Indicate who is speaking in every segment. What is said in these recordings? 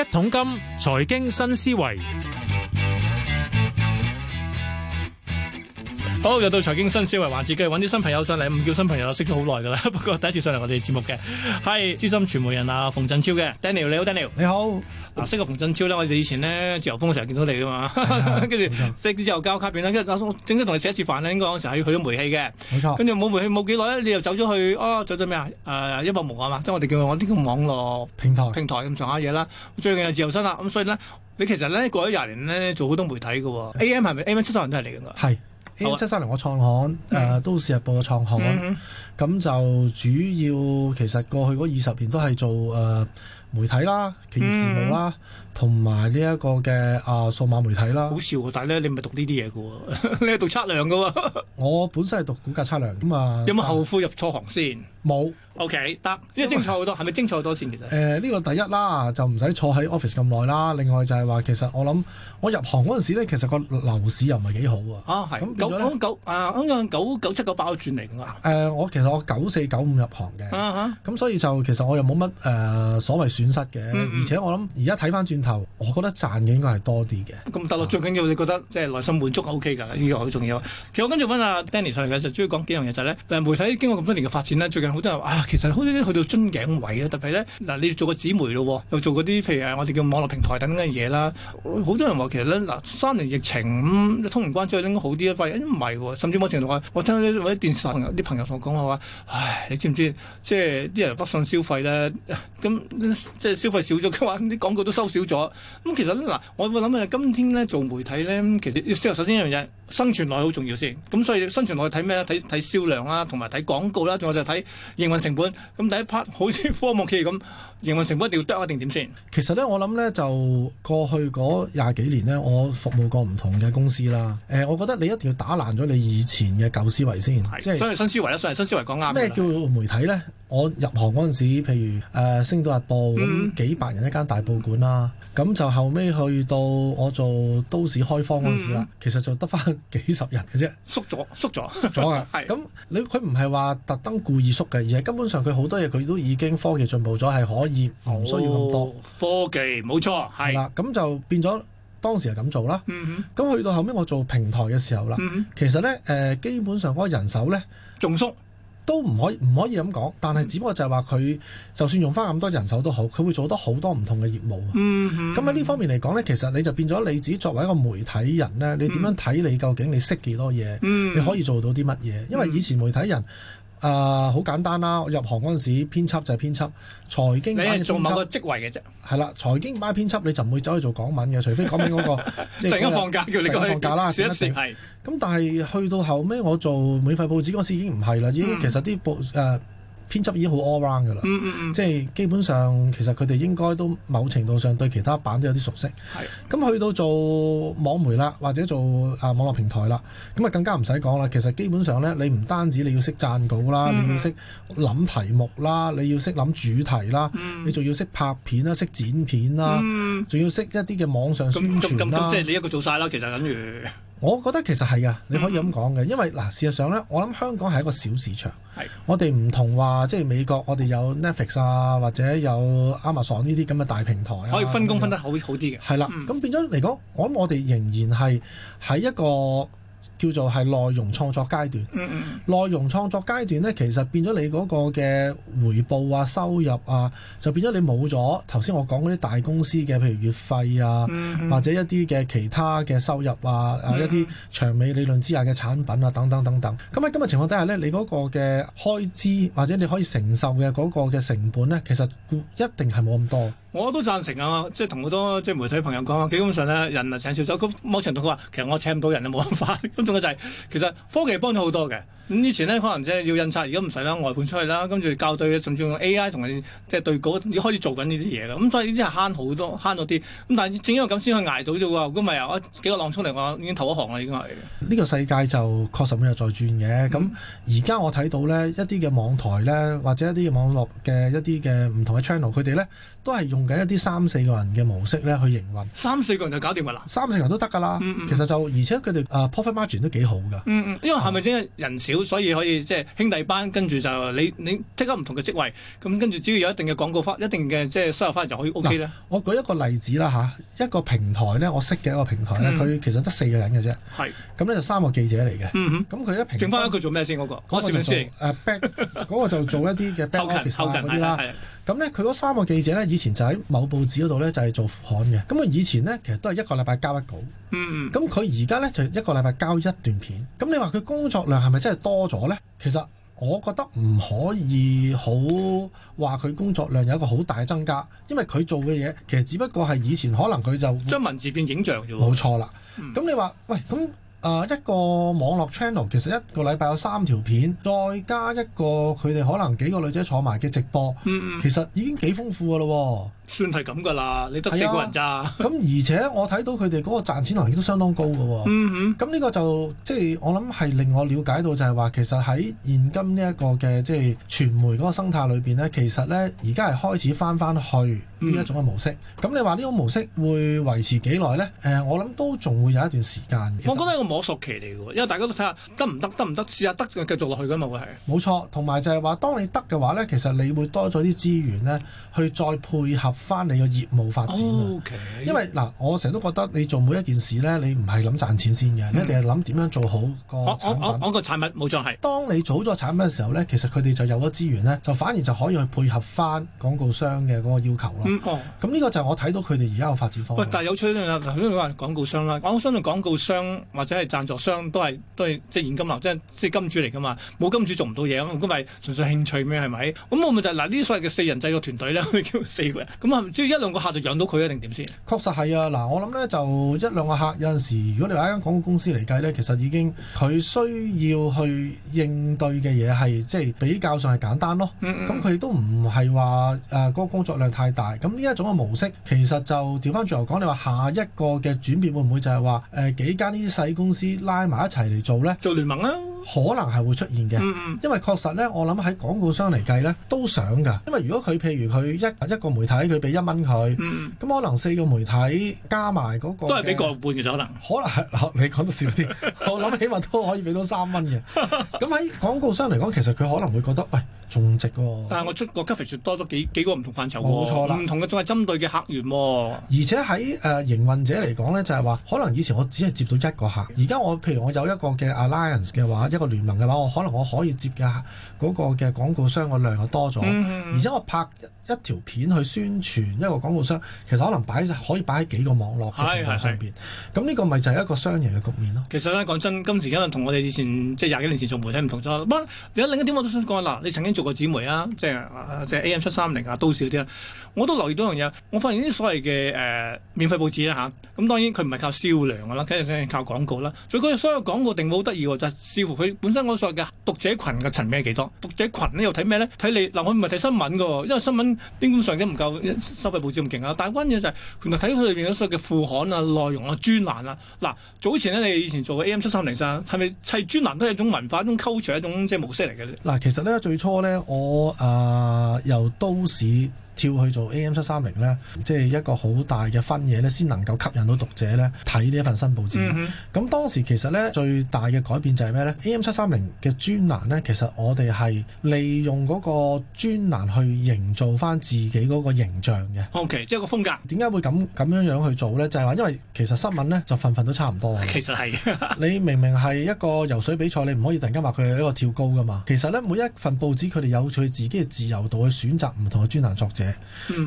Speaker 1: 一桶金，財經新思維。好，又到財經新思維環節，繼續揾啲新朋友上嚟。唔叫新朋友啦，識咗好耐噶啦。不過第一次上嚟我哋節目嘅係資深傳媒人啊，馮振超嘅 Daniel，你好 Daniel，你好。嗱，好啊、識阿馮振超咧，我哋以前咧自由風成日見到你噶嘛，跟住識咗之後交卡錯片咧，跟住阿叔正同你食一次飯咧，應該嗰陣時係去咗煤氣嘅，冇錯。跟住冇煤氣冇幾耐咧，你又走咗去啊，走咗咩啊？誒、哦呃，一博網啊嘛、啊，即係我哋叫我啲咁、這個、網絡平台平台咁上下嘢啦。最近又自由身啦，咁、啊、所以咧你其實咧過咗廿年咧做好多媒體噶。的 AM 係咪 AM 730都係嚟噶？係。七
Speaker 2: 三零個創刊，誒、呃、都市日報個創刊，啦、mm，咁、hmm。就主要其實過去嗰二十年都係做誒，呃媒體啦，企業事務啦，同埋呢一個嘅啊數碼媒體啦。好
Speaker 1: 笑，但係咧你咪讀呢啲嘢嘅喎，你係讀測量嘅喎。
Speaker 2: 我本身係讀估價測量㗎嘛，有冇後
Speaker 1: 悔入錯行先？冇。OK，得，因為精彩好多，係咪精彩好多先其實？誒
Speaker 2: 呢個第一啦，就唔使坐喺 office 咁耐啦。另外就係話，其實我諗我入行嗰陣時咧，其實個樓市又唔係幾好啊。
Speaker 1: 啊係。咁九九啊，九九七九八轉嚟㗎
Speaker 2: 嘛？誒我其實我九四九五入行嘅，咁所以就其實我又冇乜誒所謂。損失嘅，嗯嗯而且我諗而家睇翻轉頭，我覺得賺嘅應該係多啲嘅。
Speaker 1: 咁得咯，最緊要你覺得即係內心滿足 OK 㗎，呢個好重要。其實我跟住問阿 Danny 上嚟嘅，就中意講幾樣嘢就係、是、咧，媒體經過咁多年嘅發展咧，最近好多人啊、哎，其實好似去到樽頸位啊，特別咧嗱，你做個紙媒咯，又做嗰啲譬如我哋叫網絡平台等嘅嘢啦，好多人話其實咧嗱三年疫情咁、嗯、通完關之後應該好啲啊，發現唔係喎，甚至某程度我聽啲或者電視台朋友啲朋友同我講話唉，你知唔知即係啲人北上消費咧咁？即係消費少咗嘅話，啲廣告都收少咗。咁、嗯、其實咧，嗱，我會諗下，今天咧做媒體咧，其實要先有首先一樣嘢。生存率好重要先，咁所以生存率睇咩咧？睇睇銷量啦、啊，同埋睇廣告啦、啊，仲有就睇營運成本。咁第一 part 好似科牧企業咁，營運成本一定要得一定點先？
Speaker 2: 其實咧，我諗咧就過去嗰廿幾年咧，我服務過唔同嘅公司啦。誒、呃，我覺得你一定要打爛咗你以前嘅舊思維先。係是，所以
Speaker 1: 新思維咧，所以新思維講啱。咩叫
Speaker 2: 媒體咧？我入行嗰陣時，譬如誒、呃《星島日報》嗯，咁幾百人一間大報館啦、啊。咁就後尾去到我做都市開荒嗰陣時啦，嗯、其實就得翻。幾十人
Speaker 1: 嘅啫，縮咗縮咗縮咗啊！係咁 是，
Speaker 2: 你佢唔係話特登故意縮嘅，而係根本上佢好多嘢佢都已經科技進步咗，係可以唔、哦、需要咁多
Speaker 1: 科技，冇錯係啦。
Speaker 2: 咁就變咗當時係咁做啦。咁去、嗯、哼到後尾，我做平台嘅時候啦，嗯、哼其實呢，誒、呃，基本上嗰個人手呢，仲縮。都唔可以，唔可以咁講，但係只不過就係話佢就算用返咁多人手都好，佢會做到好多唔同嘅業務嗯。
Speaker 3: 嗯，咁喺
Speaker 2: 呢方面嚟講呢，其實你就變咗你自己作為一個媒體人呢，你點樣睇，你究竟你識幾多嘢？嗯，你可以做到啲乜嘢？因為以前媒體人。啊，好、呃、簡單啦！我入行嗰陣時編輯就係編輯，財經。你係做某個職位嘅啫。係啦，財經唔係編輯，你就唔會走去做港聞嘅，除非講緊嗰、那個 即個突然間放假叫你去放假啦，少一時係。咁然是但係去到後尾，我做免費報紙嗰陣時已經唔係啦，已經、嗯、其實啲報誒。呃編輯已經好 all round 㗎啦，mm, mm, mm, 即係基本上其實佢哋應該都某程度上對其他版都有啲熟悉。係的，咁去到做網媒啦，或者做啊網絡平台啦，咁啊更加唔使講啦。其實基本上咧，你唔單止你要識撰稿啦、mm,，你要識諗題目啦，你要識諗主題啦，mm, 你仲要識拍片啦，識剪片啦，仲、mm, 要識一啲嘅網上宣傳咁、嗯、即係
Speaker 1: 你一個做晒啦，其實等於。
Speaker 2: 我覺得其實係㗎，你可以咁講嘅，因為嗱，事實上呢，我諗香港係一個小市場，的我哋唔同話即係美國，我哋有 Netflix 啊，或者有 Amazon 呢啲咁嘅大平台、啊，可以分工分得好好啲嘅。係啦的，咁、嗯、變咗嚟講，我諗我哋仍然係喺一個。叫做係內容創作階段。 內容創作階段呢，其實變咗你嗰個嘅回報啊、收入啊，就變咗你冇咗頭先我講嗰啲大公司嘅，譬如月費啊， 或者一啲嘅其他嘅收入啊，誒、啊、一啲長尾理論之下嘅產品啊，等等等等。咁喺今日情況底下呢，你嗰個嘅開支或者你可以承受嘅嗰個嘅成本呢，其實一定係冇咁多。
Speaker 1: 我都贊成啊，即係同好多即係媒體朋友講啊，基本上咧人啊請少咗，咁某程度佢話其實我請唔到人啊，冇辦法，咁 仲有就係、是、其實科技幫咗好多嘅。咁以前咧可能即係要印刷，而家唔使啦，外判出去啦，跟住校對，甚至用 AI 同佢即係對稿，已經開始做緊呢啲嘢啦。咁所以呢啲係慳好多，慳咗啲。咁但係正因為咁先可以捱到啫喎。如果唔係啊，幾個浪衝嚟話已經投一行啦，已經係。
Speaker 2: 呢個世界就確實又在轉嘅。咁而家我睇到咧一啲嘅網台咧，或者一啲嘅網絡嘅一啲嘅唔同嘅 channel，佢哋咧都係用緊一啲三四個人嘅模式咧去營運。
Speaker 1: 三四個人就搞掂㗎啦？三
Speaker 2: 四個人都得㗎啦。嗯嗯嗯，其實就而且佢哋啊 profit margin 都幾好㗎、嗯嗯。
Speaker 1: 因為係咪真係人少？嗯所以可以即係兄弟班，跟住就你你即刻唔同嘅職位，咁跟住只要有一定嘅廣告翻，一定嘅即係收入翻，就可以 O K 啦，
Speaker 2: 我舉一個例子啦吓，一個平台咧，我識嘅一個平台咧，佢其實得四個人嘅啫。係咁咧，就三個記者嚟嘅。
Speaker 1: 咁佢咧平剩翻一個做咩先嗰個？嗰個做咩
Speaker 2: 先？嗰個就做一啲嘅 back office 嗰啲啦。咁咧，佢嗰三個記者咧，以前就喺某報紙嗰度咧，就係做副刊嘅。咁啊，以前咧，其實都係一個禮拜交一稿。嗯。咁佢而家咧就一個禮拜交一段片。咁你話佢工作量係咪真係多咗咧？其實我覺得唔可以好話佢工作量有一個好大嘅增加，因為佢做嘅嘢其實只不過係以前可能佢
Speaker 1: 就將文字變影像。冇錯啦。
Speaker 2: 咁、嗯、你話，喂，咁。誒、uh, 一個網絡 channel 其實一個禮拜有三條片，再加一個佢哋可能幾個女仔坐埋嘅直播，其實已經幾豐富㗎咯喎。
Speaker 1: 算係咁㗎啦，你得四個人咋？
Speaker 2: 咁、啊、而且我睇到佢哋嗰個賺錢能力都相當高嘅喎、哦。 嗯咁、嗯、呢個就即係、就是、我諗係令我了解到就係話，其實喺現今呢一個嘅即係傳媒嗰個生態裏邊咧，其實咧而家係開始翻翻去呢一種嘅模式。咁、嗯嗯嗯嗯、你話呢種模式會維持幾耐咧？誒、呃，我諗都仲會有一段時間
Speaker 1: 嘅。我覺得係一個摸索期嚟嘅，因為大家都睇下得唔得，得唔得試下得就繼續落去㗎嘛，會係。
Speaker 2: 冇錯，同埋就係話，當你得嘅話咧，其實你會多咗啲資源咧，去再配合。翻你個業務發展啊！Oh,
Speaker 3: okay. 因為
Speaker 2: 嗱，我成日都覺得你做每一件事咧，你唔係諗賺錢先嘅，mm hmm. 你一定係諗點樣做好個
Speaker 1: 我。我我產品冇錯係。
Speaker 2: 當你組咗產品嘅時候咧，其實佢哋就有咗資源咧，就反而就可以去配合翻廣告商嘅嗰個要求咯。咁呢、mm oh. 個就我睇到佢哋而家嘅發展方法。喂，但
Speaker 1: 係有趣一樣，頭先講廣告商啦，我相信廣告商嘅廣告商或者係贊助商都係都係即係現金流，即係即係金主嚟㗎嘛。冇金主做唔到嘢咁咪純粹興趣咩係咪？咁我咪就嗱呢啲所謂嘅四人製作團隊啦，我叫四個人咁即一兩個客就養到佢啊，定點先？確實係啊，
Speaker 2: 嗱，我諗呢就一兩個客有陣時，如果你話一間廣告公司嚟計呢，其實已經佢需要去應對嘅嘢係即係比較上係簡單咯。咁佢都唔係話誒嗰個工作量太大。咁呢一種嘅模式其實就調翻轉頭講，你話下一個嘅轉變會唔會就係話誒幾間呢啲細公司拉埋一齊嚟做呢？做聯盟啊！可能係會出現嘅，嗯、因為確實咧，我諗喺廣告商嚟計咧都想㗎。因為如果佢譬如佢一一個媒體佢俾一蚊佢，咁、嗯、可能四個媒體加埋嗰個都係俾個
Speaker 1: 半嘅可能。可能你講得少啲， 我諗
Speaker 2: 起碼都可以俾到三蚊嘅。咁喺廣告商嚟講，其實佢可能會覺得喂。種植、哦、
Speaker 1: 但係我出過 coverage 多咗幾幾個唔同範疇喎，哦。唔同嘅仲係針對嘅客源喎，哦。而
Speaker 2: 且喺誒、呃、營運者嚟講咧，就係、是、話，可能以前我只係接到一個客，而家我譬如我有一個嘅 alliance 嘅話，一個聯盟嘅話，我可能我可以接嘅嗰、那個嘅廣告商嘅量又多咗，嗯、而且我拍。一條片去宣傳一個廣告商，其實可能擺可以擺喺幾個網
Speaker 1: 絡平台上邊。
Speaker 2: 咁呢 個咪就係一個雙贏嘅局面咯。
Speaker 1: 其實咧講真，今時今日同我哋以前即係廿幾年前做媒體唔同咗。不，有另一點我都想講啦。你曾經做過紙媒啊，即係即係 AM 七三零啊、都市嗰啲啦，我都留意到一樣嘢。我發現呢啲所謂嘅誒、呃、免費報紙啦嚇，咁、啊、當然佢唔係靠銷量噶啦，梗係靠廣告啦。所以佢哋所有廣告定位好得意喎，就是、視乎佢本身我所謂嘅讀者群嘅層面幾多。讀者群又呢又睇咩咧？睇你嗱，我唔係睇新聞嘅，因為新聞。根本上嘅唔夠收費報紙咁勁啊！但係關鍵就係原來體育裏邊嗰所有嘅副刊啊、內容啊、專欄啦、啊，嗱早前咧，你以前做過 AM 七三零三，係咪砌專欄都係一種文化、一種 culture，一種即係模式嚟嘅咧？
Speaker 2: 嗱，其實咧最初咧，我啊、呃、由都市，跳去做 AM 七三零呢，即係一個好大嘅分野呢，先能夠吸引到讀者呢，睇呢一份新報紙。咁、嗯、哼當時其實呢，最大嘅改變就係咩呢？AM 七三零嘅專欄呢，其實我哋係利用嗰個專欄去營造翻自己嗰個形象嘅。O.K.，即係個風格。點解會咁咁樣樣去做呢？就係、是、話因為其實新聞呢，就份份都差唔多。其實係 你明明係一個游水比賽，你唔可以突然間話佢係一個跳高噶嘛。其實呢，每一份報紙佢哋有佢自己嘅自由度去選擇唔同嘅專欄作者。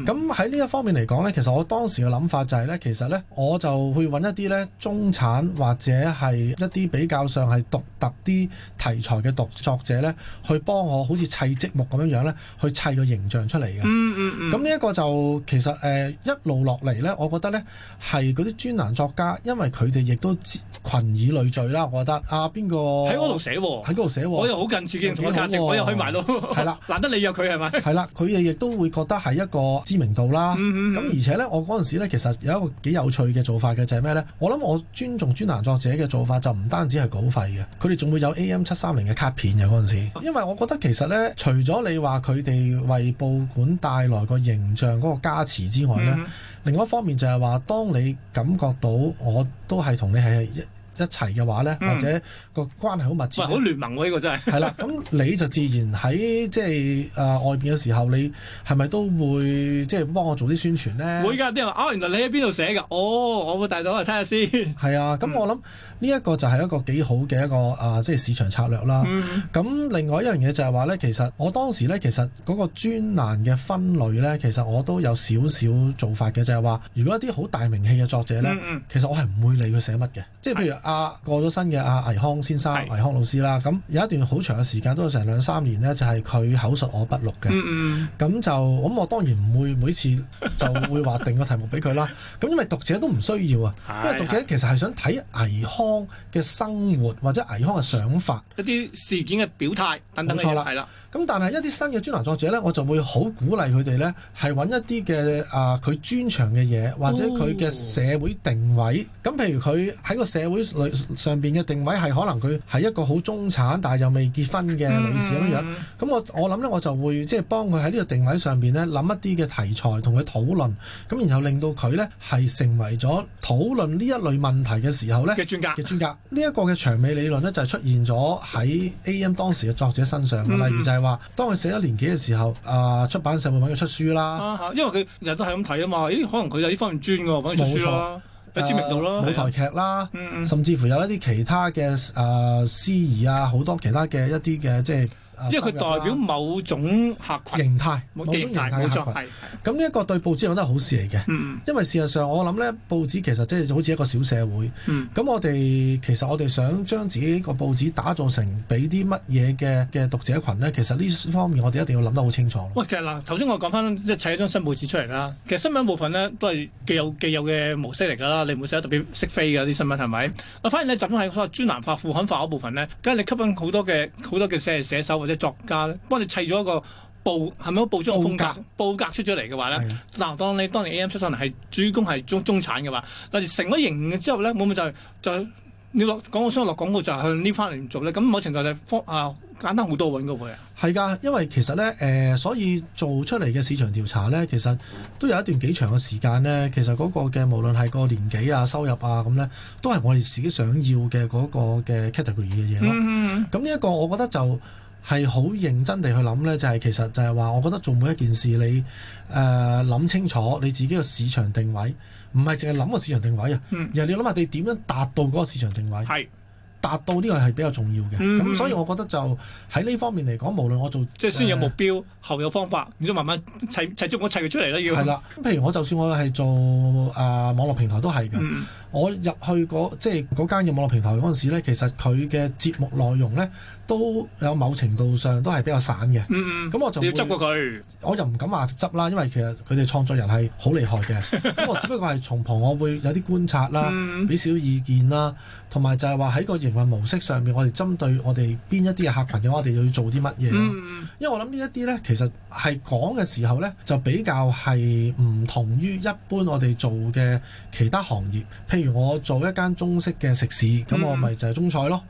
Speaker 2: 咁喺呢一方面嚟講呢，其實我當時嘅諗法就係、係、呢。其實呢，我就會揾一啲呢中產或者係一啲比較上係獨特啲題材嘅讀作者呢，去幫我好似砌積木咁樣樣呢，去砌個形象出嚟嘅。嗯。咁呢一個就其實誒、呃、一路落嚟呢，我覺得呢係嗰啲專欄作家，因為佢哋亦都群以類聚啦。我覺得啊，邊個喺嗰度寫
Speaker 1: 喎？喺嗰度寫喎。我又好近似嘅同佢價值，我又去埋咯。係 啦 對， 難得你約佢係咪？
Speaker 2: 係 啦，佢哋亦都會覺得係。一個知名度啦，咁、mm hmm. 而且呢，我嗰陣時呢，其實有一個幾有趣嘅做法嘅，就係咩呢？我諗我尊重專欄作者嘅做法，就唔單止係稿費嘅，佢哋仲會有 AM 七三零嘅卡片嘅嗰陣時，因為我覺得其實呢，除咗你話佢哋為報館帶來個形象嗰個加持之外呢，mm hmm. 另外一方面就係話，當你感覺到我都係同你係一一齊嘅話咧，嗯、或者個關係好
Speaker 1: 密切，好聯盟喎、啊、呢、呢個真係。係 啦，
Speaker 2: 咁你就自然喺即係誒外邊嘅時候，你係咪都會即係、就是、幫我做啲宣傳咧？會
Speaker 1: 㗎，啲人啊，原來你喺邊度寫㗎？哦，我會帶到嚟睇下先。
Speaker 2: 係、嗯、啊，咁我諗呢一個就係一個幾好嘅一個啊，即係市場策略啦。咁、嗯、另外一樣嘢就係話咧，其實我當時咧，其實嗰個專欄嘅分類咧，其實我都有少少做法嘅，就係、是、話如果一啲好大名氣嘅作者咧，嗯、其實我係唔會理佢寫乜嘅，即係譬如。阿過咗身嘅阿倪康先生、倪是康老師啦，咁有一段好長嘅時間，都成兩三年呢，就係、是、佢口述我筆錄嘅。咁、嗯嗯、就咁，我當然唔會每次就會話定個題目俾佢啦。咁 因為讀者都唔需要啊，的因為讀者其實係想睇倪康嘅生活或者倪康嘅想法、
Speaker 1: 一啲事件嘅表態等等嘅嘢。冇錯啦，
Speaker 2: 咁但係一啲新嘅專欄作者呢，我就會好鼓勵佢哋呢，係揾一啲嘅啊佢專長嘅嘢，或者佢嘅社會定位。咁、哦、譬如佢喺個社會。上邊嘅定位係可能佢係一個好中產，但係又未結婚嘅女士咁樣。咁、嗯、我我諗呢，我就會即係、就是、幫佢喺呢個定位上邊呢，諗一啲嘅題材同佢討論。咁然後令到佢呢係成為咗討論呢一類問題嘅時候呢嘅專家嘅專家。呢一個嘅長尾理論呢，就係、是、出現咗喺 AM 當時嘅作者身上。嗯、例如就係話，當佢寫咗年幾嘅時候，啊、呃、出版社會揾佢出書啦。哈哈，
Speaker 1: 因為佢日日都係咁睇啊嘛。咦，可能佢有呢方面專㗎，揾佢知名度咯，呃、舞台劇
Speaker 2: 啦，嗯嗯甚至乎有一啲其他嘅啊司儀啊，好多其他嘅一啲嘅即係。因為佢代表
Speaker 1: 某種客群形態，
Speaker 3: 某種形態，某種形態客
Speaker 2: 群。咁呢一個對報紙有得好事嚟嘅，嗯、因為事實上我諗咧，報紙其實即係好似一個小社會。咁、嗯、我哋其實我哋想將自己個報紙打造成俾啲乜嘢嘅嘅讀者群咧，其實呢方面我哋一定要諗得好清楚。
Speaker 1: 喂，其實嗱，頭先我講翻即係砌一張新報紙出嚟啦。其實新聞部分咧都係既有既有嘅模式嚟㗎啦。你唔會寫得特別識飛㗎啲新聞係咪？嗱，嗯、反而咧集中喺嗰個專欄化、副刊化嗰部分咧，梗係你吸引好多嘅好多嘅寫寫手。或者作家咧，幫你砌咗一個報係咪一個報章嘅風格？報格，格出咗嚟嘅話咧，嗱的當你當你 A.M. 出上嚟係主攻係中中產嘅話，嗱成咗型之後咧，冇冇就係就你落廣告商落廣告就係向呢方面做咧？咁某程度就係啊簡單好多喎，應該會啊。
Speaker 2: 係噶，因為其實咧誒、呃，所以做出嚟嘅市場調查咧，其實都有一段幾長嘅時間咧。其實嗰個嘅無論係個年紀啊、收入啊咁咧，都係我哋自己想要嘅嗰、嗰個嘅 category 嘅嘢咯。咁呢一個，我覺得就。係好認真地去諗呢，就係、是、其實就係話，我覺得做每一件事，你誒諗、呃、清楚你自己個市場定位，唔係淨係諗個市場定位啊，而係你諗下你點樣達到嗰個市場定位，是達到呢個係比較重要嘅。咁、嗯、所以我覺得就喺呢方面嚟講，無論我做即係先有目
Speaker 1: 標，呃、後有方法，然之後慢慢砌砌足我砌佢出嚟咧要。係啦、嗯，
Speaker 2: 譬如我就算我係做誒、呃、網絡平台都係嘅。嗯我入去嗰即係嗰間嘅網絡平台嗰陣時呢，其實佢嘅節目內容呢都有某程度上都係比較散嘅。嗯咁我就要執過佢，我又唔敢話執啦，因為其實佢哋創作人係好厲害嘅。咁 我只不過係從旁我會有啲觀察啦，俾少、嗯、意見啦，同埋就係話喺個營運模式上面，我哋針對我哋邊一啲嘅客群嘅話，我哋要做啲乜嘢？嗯、因為我諗呢一啲呢，其實係講嘅時候呢，就比較係唔同於一般我哋做嘅其他行業，譬如我做一間中式嘅食肆，咁我咪就係中菜咯。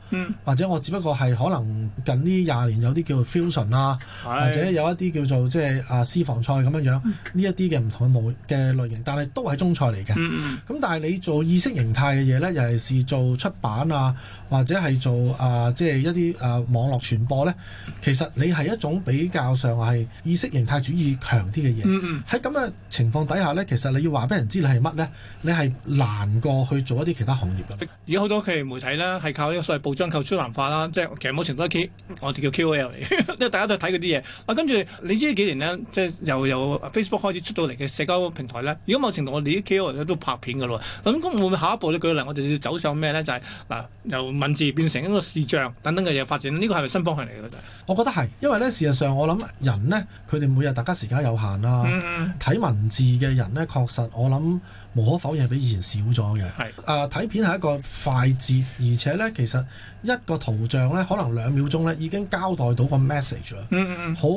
Speaker 2: 或者我只不過係可能近呢廿年有啲叫 fusion 啊，或者有一啲叫做即係啊私房菜咁樣樣呢一啲嘅唔同嘅模嘅類型，但係都係中菜嚟嘅。咁但係你做意識形態嘅嘢咧，尤其是做出版啊，或者係做啊即係、就是、一啲啊網絡傳播咧，其實你係一種比較上係意識形態主義強啲嘅嘢。喺咁嘅情況底下咧，其實你要話俾人知你係乜咧，你係難過。去做一啲其他行業啊！
Speaker 1: 而家好多佢媒體咧，係靠呢個所謂報章靠出文化啦，即係其實某程度啲，我哋叫 KOL 嚟， 因為大家都睇嗰啲嘢。嗱、啊，跟住你知呢幾年呢？即係由又 Facebook 開始出到嚟嘅社交平台咧。如果某程度我哋啲 KOL 都拍片噶咯，咁咁會唔會下一步咧？舉例，我哋要走上咩咧？就係、是、嗱，由文字變成一個視像等等嘅嘢發展。呢、這個係咪新方向嚟嘅？
Speaker 2: 我覺得係，因為咧，事實上我諗人呢，佢哋每日大家時間有限啦。睇、嗯、文字嘅人呢，確實我諗。無可否認，比以前少咗嘅。係啊，睇片係一個快捷，而且呢，其實一個圖像呢，可能兩秒鐘呢已經交代到個 message 啦。嗯嗯嗯。好，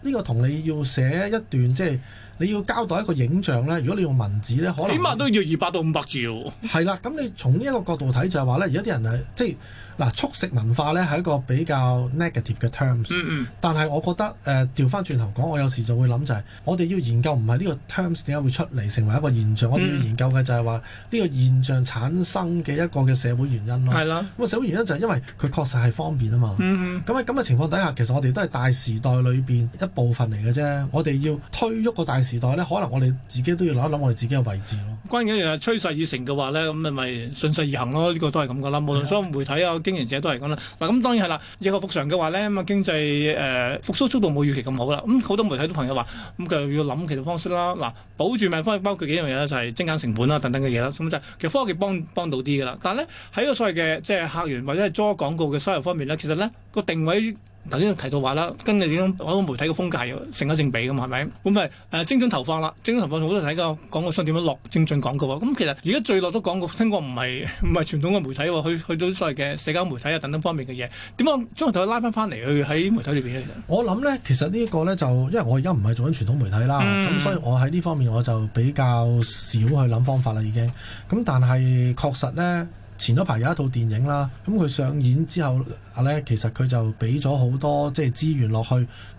Speaker 2: 呢個同你要寫一段即係你要交代一個影像呢。如果你用文字呢，可能起
Speaker 1: 碼都要二百到五百兆。
Speaker 2: 係啦、嗯，咁你從呢一個角度睇就係話呢，而家啲人係即係。嗱，速食文化咧係一個比較 negative 嘅 terms，嗯嗯、但係我覺得誒調翻轉頭講，我有時就會諗就係、是，我哋要研究唔係呢個 terms 點解會出嚟成為一個現象，嗯、我哋要研究嘅就係話呢個現象產生嘅一個嘅社會原因咯。係啦、嗯，社會原因就係因為佢確實係方便啊嘛。咁喺咁嘅情況底下，其實我哋都係大時代裏邊一部分嚟嘅啫。我哋要推喐個大時代咧，可能我哋自己都要諗一諗我哋自己嘅位置咯。關
Speaker 1: 鍵一樣係趨勢已成嘅話咧，咁咪順勢而行咯。呢、呢個都係咁嘅啦。無論所有媒體啊，經營者都係咁啦，嗱咁當然係啦，疫後復常嘅話咧，咁啊經濟誒、呃、復甦速度冇預期咁好啦，咁、嗯、好多媒體都朋友話，咁佢又要諗其他方式啦，嗱，保住命方式包括幾樣嘢啦，就係精簡成本啦、啊、等等嘅嘢啦，咁就其實科技幫幫到啲噶啦，但係咧喺個所謂嘅即係客源或者係做廣告嘅收入方面咧，其實咧個定位。頭先提到話啦，跟住點樣我個媒體嘅風格成一，成一是是、啊、正比嘛，係咪？咁咪誒精準投放啦，精準投放好多睇個廣告商點樣落精準廣告，咁其實而家最落都廣告聽過唔係唔係傳統嘅媒體喎，去去到所謂嘅社交媒體啊等等方面嘅嘢，點解將頭拉翻翻嚟去喺媒體裏邊咧？
Speaker 2: 我諗呢，其實呢一個呢，就因為我而家唔係做緊傳統媒體啦，咁、嗯、所以我喺呢方面我就比較少去諗方法啦，已經咁，但係確實呢。前嗰排有一套電影啦，咁佢上演之後咧，其實佢就俾咗好多即係資源落去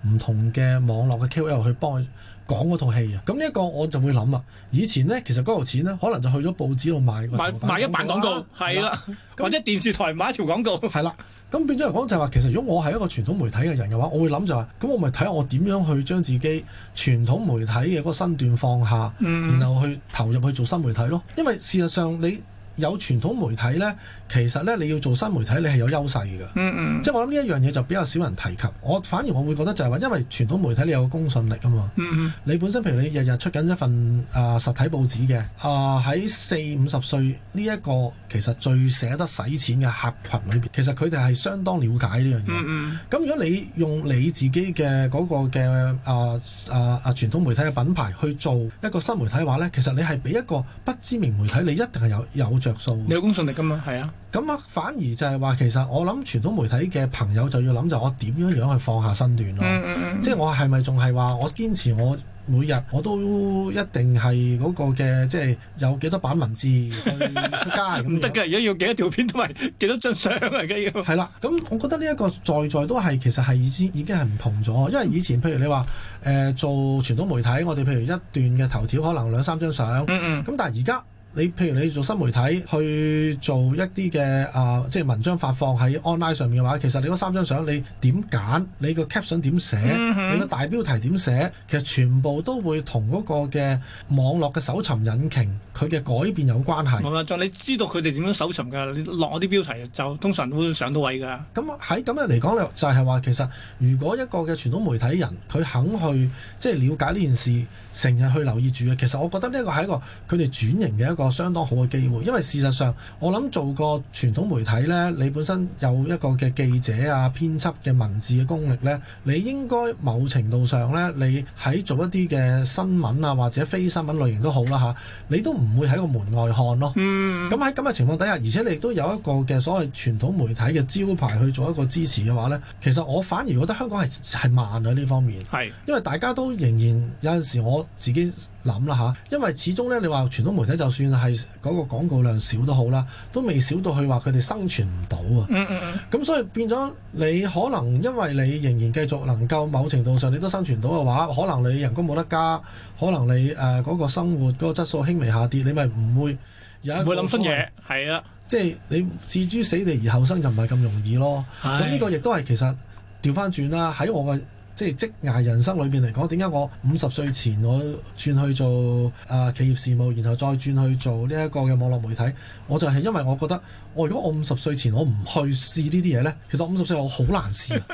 Speaker 2: 唔同嘅網絡嘅 KOL 去幫佢講嗰套戲啊。咁呢一個我就會諗啊，以前呢，其實嗰條錢咧可能就去咗報紙度買、啊、
Speaker 1: 買，買一版廣告，係啦，或者電視台買一條廣告，係 啦。
Speaker 2: 咁變咗嚟講就係、是、話，其實如果我係一個傳統媒體嘅人嘅話，我會諗就係、是，咁我咪睇下我點樣去將自己傳統媒體嘅嗰個身段放下，嗯、然後去投入去做新媒體咯。因為事實上你。有傳統媒體呢，其實咧你要做新媒體，你係有優勢㗎。 即係我諗呢一樣嘢就比較少人提及。我反而我會覺得就係話，因為傳統媒體你有個公信力啊嘛。 你本身譬如你日日出緊一份啊、呃、實體報紙嘅啊喺四五十歲呢、這、一個其實最捨得使錢嘅客群裏邊，其實佢哋係相當了解呢樣嘢。嗯，咁 如果你用你自己嘅嗰個嘅啊啊啊傳統媒體嘅品牌去做一個新媒體嘅話呢，其實你係俾一個不知名媒體，你一定係有有。著數，你有
Speaker 1: 公
Speaker 2: 信力㗎嘛？係啊，咁啊，反而就係話，其實我諗傳統媒體嘅朋友就要諗，就我點樣樣去放下身段咯、啊。嗯嗯、即係我係咪仲係話我堅持我每日我都一定係嗰個嘅，即、就、係、是、有幾多版文字
Speaker 1: 去出街？唔得嘅，而家要幾多條片同埋幾多張相嚟嘅要。係 啦、啊，咁我覺得呢
Speaker 2: 一個在在都係其實係已已經係唔同咗，因為以前譬如你話誒、呃、做傳統媒體，我哋譬如一段嘅頭條可能兩三張相。咁、嗯嗯、但係而家。你譬如你做新媒體去做一啲嘅啊，即係文章發放喺 online 上面嘅話，其實你嗰三張相你點揀，你個 caption 點寫，嗯、哼你個大標題點寫，其實全部都會同嗰個嘅網絡嘅搜尋引擎佢嘅改變有關係，
Speaker 1: 係咪、嗯，就你知道佢哋點樣搜尋㗎？你落啲標題就通常會上到位㗎。咁喺
Speaker 2: 咁樣嚟講咧，就係、是、話其實如果一個嘅傳統媒體人佢肯去即係、就是、了解呢件事，成日去留意住嘅，其實我覺得呢一個係一個佢哋轉型嘅一個。個相當好嘅機會，因為事實上，我諗做個傳統媒體咧，你本身有一個嘅記者啊、編輯嘅文字嘅功力咧，你應該某程度上咧，你喺做一啲嘅新聞啊，或者非新聞類型都好啦吓、啊，你都唔會喺個門外看咯。嗯。咁喺咁嘅情況底下，而且你亦都有一個嘅所謂傳統媒體嘅招牌去做一個支持嘅話咧，其實我反而覺得香港係係慢喺呢方面。係是因為大家都仍然有陣時我自己。諗啦嚇，因為始終咧，你話傳統媒體就算係嗰個廣告量少都好啦，都未少到去話佢哋生存唔到
Speaker 3: 啊。嗯嗯
Speaker 2: 嗯。咁所以變咗你可能因為你仍然繼續能夠某程度上你都生存到嘅話，可能你人工冇得加，可能你誒嗰個生活嗰個質素輕微下跌，你咪唔會有一。唔會諗新嘢，
Speaker 1: 係啊為，
Speaker 2: 即係的你置諸死地而後生就唔係咁容易咯。咁呢的個亦都係其實調翻轉啦，喺我嘅。即係職涯人生裏邊嚟講，點解我五十歲前我轉去做啊、呃、企業事務，然後再轉去做呢一個嘅網絡媒體？我就係因為我覺得，我如果我五十歲前我唔去試呢啲嘢呢，其實五十歲我好難試啊，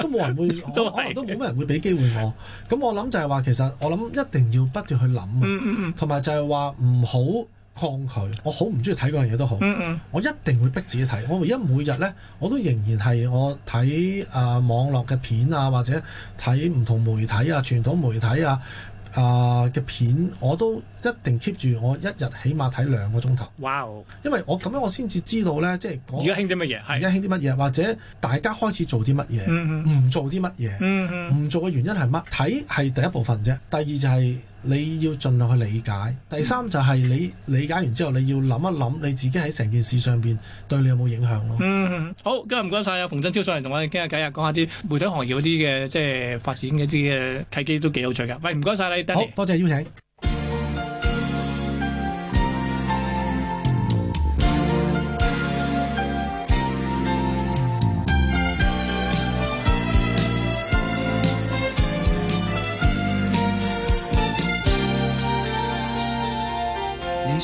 Speaker 2: 都冇人會，可能 都冇是咩人會俾機會我。咁我諗就係話，其實我諗一定要不斷去諗，同埋就係話唔好，抗拒，我好唔中意睇嗰樣嘢都好，mm hmm. 我一定會逼自己睇。我唯一每日呢，我都仍然係我睇啊、呃、網絡嘅片啊，或者睇唔同媒體啊、傳統媒體啊啊嘅、呃、片，我都一定 keep 住我一日起碼睇兩個鐘頭。哇！Wow. 因為我咁樣，我先至知道呢，即係而家興啲乜嘢，而家興啲乜嘢，是或者大家開始做啲乜嘢，唔、mm hmm. 做啲乜嘢，唔、mm hmm. 做嘅原因係乜？睇係第一部分啫，第二就係、是。你要盡量去理解。第三就係你理解完之後，你要諗一諗你自己喺成件事上邊對你有冇影響咯。嗯，
Speaker 1: 好，今日唔該晒，啊，馮振超上嚟同我哋傾下偈啊，講下啲媒體行業嗰啲嘅即係發展嗰啲嘅契機都幾有趣㗎。喂，唔該晒，你好，多謝邀請。